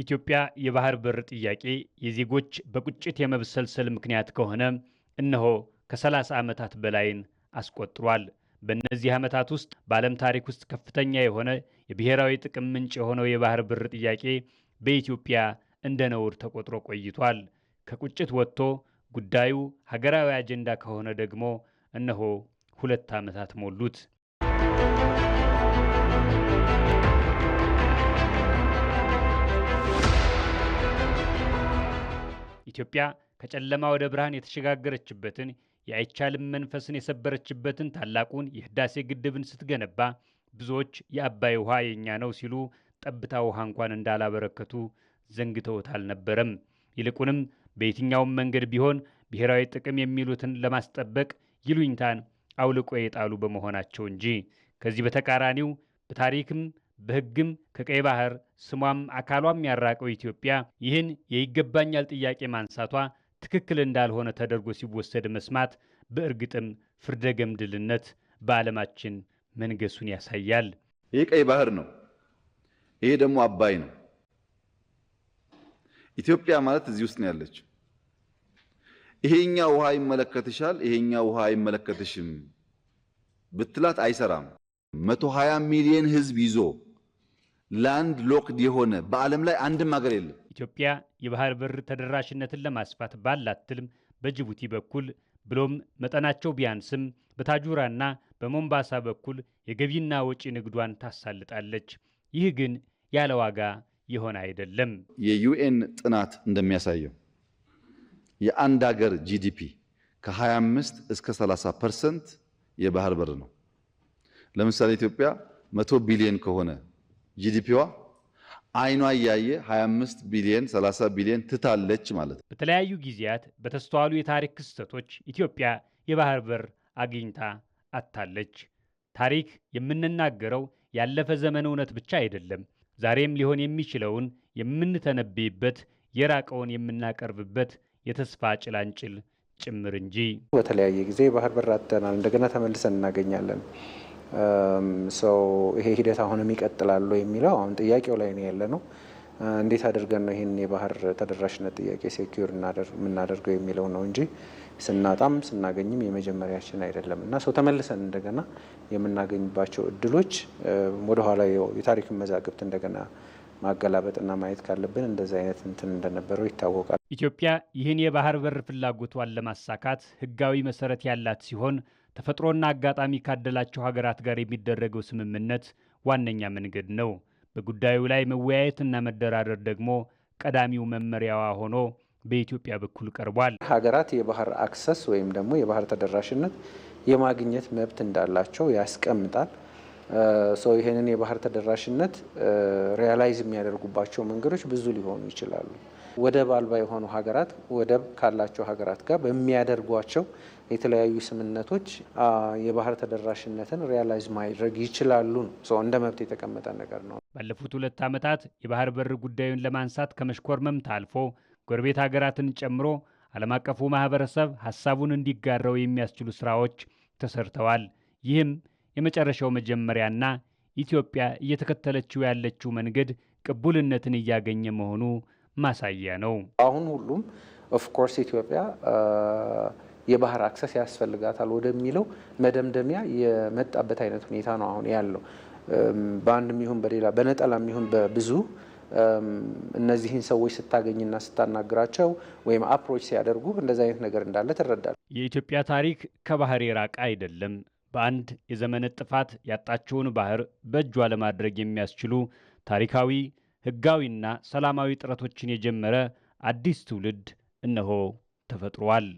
የኢትዮጵያ የባህር በር ጥያቄ የዜጎች በቁጭት የመብሰልሰል ምክንያት ከሆነ እነሆ ከ30 ዓመታት በላይን አስቆጥሯል። በእነዚህ ዓመታት ውስጥ በዓለም ታሪክ ውስጥ ከፍተኛ የሆነ የብሔራዊ ጥቅም ምንጭ የሆነው የባህር በር ጥያቄ በኢትዮጵያ እንደ ነውር ተቆጥሮ ቆይቷል። ከቁጭት ወጥቶ ጉዳዩ ሀገራዊ አጀንዳ ከሆነ ደግሞ እነሆ ሁለት ዓመታት ሞሉት። ኢትዮጵያ ከጨለማ ወደ ብርሃን የተሸጋገረችበትን የአይቻልም መንፈስን የሰበረችበትን ታላቁን የህዳሴ ግድብን ስትገነባ ብዙዎች የአባይ ውሃ የእኛ ነው ሲሉ ጠብታ ውሃ እንኳን እንዳላበረከቱ ዘንግተውት አልነበረም። ይልቁንም በየትኛውም መንገድ ቢሆን ብሔራዊ ጥቅም የሚሉትን ለማስጠበቅ ይሉኝታን አውልቆ የጣሉ በመሆናቸው እንጂ ከዚህ በተቃራኒው በታሪክም በሕግም ከቀይ ባህር ስሟም አካሏም ያራቀው ኢትዮጵያ ይህን የይገባኛል ጥያቄ ማንሳቷ ትክክል እንዳልሆነ ተደርጎ ሲወሰድ መስማት በእርግጥም ፍርደ ገምድልነት በዓለማችን መንገሱን ያሳያል። ይህ ቀይ ባህር ነው። ይሄ ደግሞ አባይ ነው። ኢትዮጵያ ማለት እዚህ ውስጥ ነው ያለች። ይሄኛ ውሃ ይመለከትሻል፣ ይሄኛ ውሃ አይመለከትሽም ብትላት አይሰራም። መቶ ሚሊዮን ህዝብ ይዞ ላንድ ሎክድ የሆነ በዓለም ላይ አንድም ሀገር የለም። ኢትዮጵያ የባህር በር ተደራሽነትን ለማስፋት ባላት ትልም በጅቡቲ በኩል ብሎም መጠናቸው ቢያንስም በታጁራና በሞምባሳ በኩል የገቢና ወጪ ንግዷን ታሳልጣለች። ይህ ግን ያለ ዋጋ የሆነ አይደለም። የዩኤን ጥናት እንደሚያሳየው የአንድ ሀገር ጂዲፒ ከ25 እስከ 30 ፐርሰንት የባህር በር ነው። ለምሳሌ ኢትዮጵያ 100 ቢሊዮን ከሆነ ጂዲፒዋ አይኗ እያየ 25 ቢሊየን 30 ቢሊየን ትታለች ማለት ነው። በተለያዩ ጊዜያት በተስተዋሉ የታሪክ ክስተቶች ኢትዮጵያ የባህር በር አግኝታ አታለች። ታሪክ የምንናገረው ያለፈ ዘመን እውነት ብቻ አይደለም። ዛሬም ሊሆን የሚችለውን የምንተነብይበት፣ የራቀውን የምናቀርብበት የተስፋ ጭላንጭል ጭምር እንጂ በተለያየ ጊዜ የባህር በር አጥተናል፣ እንደገና ተመልሰን እናገኛለን። ሰው um, ይሄ ሂደት አሁንም ይቀጥላሉ የሚለው አሁን ጥያቄው ላይ ነው ያለ ነው። uh, እንዴት አድርገን ነው ይህን የባህር ተደራሽነት ጥያቄ ሴኪር የምናደርገው የሚለው ነው እንጂ ስናጣም ስናገኝም የመጀመሪያችን አይደለም እና ሰው ተመልሰን እንደገና የምናገኝባቸው እድሎች uh, ወደኋላ የታሪክን መዛግብት እንደገና ማገላበጥና ማየት ካለብን እንደዚህ አይነት እንትን እንደነበረው ይታወቃል። ኢትዮጵያ ይህን የባህር በር ፍላጎቷን ለማሳካት ህጋዊ መሰረት ያላት ሲሆን ተፈጥሮና አጋጣሚ ካደላቸው ሀገራት ጋር የሚደረገው ስምምነት ዋነኛ መንገድ ነው። በጉዳዩ ላይ መወያየትና መደራደር ደግሞ ቀዳሚው መመሪያዋ ሆኖ በኢትዮጵያ በኩል ቀርቧል። ሀገራት የባህር አክሰስ ወይም ደግሞ የባህር ተደራሽነት የማግኘት መብት እንዳላቸው ያስቀምጣል። ሰው ይሄንን የባህር ተደራሽነት ሪያላይዝ የሚያደርጉባቸው መንገዶች ብዙ ሊሆኑ ይችላሉ። ወደብ አልባ የሆኑ ሀገራት ወደብ ካላቸው ሀገራት ጋር በሚያደርጓቸው የተለያዩ ስምምነቶች የባህር ተደራሽነትን ሪያላይዝ ማድረግ ይችላሉ ነው። እንደ መብት የተቀመጠ ነገር ነው። ባለፉት ሁለት ዓመታት የባህር በር ጉዳዩን ለማንሳት ከመሽኮርመም ታልፎ ጎረቤት ሀገራትን ጨምሮ ዓለም አቀፉ ማህበረሰብ ሀሳቡን እንዲጋራው የሚያስችሉ ስራዎች ተሰርተዋል። ይህም የመጨረሻው መጀመሪያና ኢትዮጵያ እየተከተለችው ያለችው መንገድ ቅቡልነትን እያገኘ መሆኑ ማሳያ ነው። አሁን ሁሉም ኦፍኮርስ ኢትዮጵያ የባህር አክሰስ ያስፈልጋታል ወደሚለው መደምደሚያ የመጣበት አይነት ሁኔታ ነው አሁን ያለው። በአንድ የሚሆን በሌላ በነጠላ የሚሆን በብዙ እነዚህን ሰዎች ስታገኝና ስታናግራቸው ወይም አፕሮች ሲያደርጉ እንደዚህ አይነት ነገር እንዳለ ትረዳል። የኢትዮጵያ ታሪክ ከባህር የራቀ አይደለም። በአንድ የዘመን ጥፋት ያጣችውን ባህር በእጇ ለማድረግ የሚያስችሉ ታሪካዊ ሕጋዊና ሰላማዊ ጥረቶችን የጀመረ አዲስ ትውልድ እነሆ ተፈጥሯል።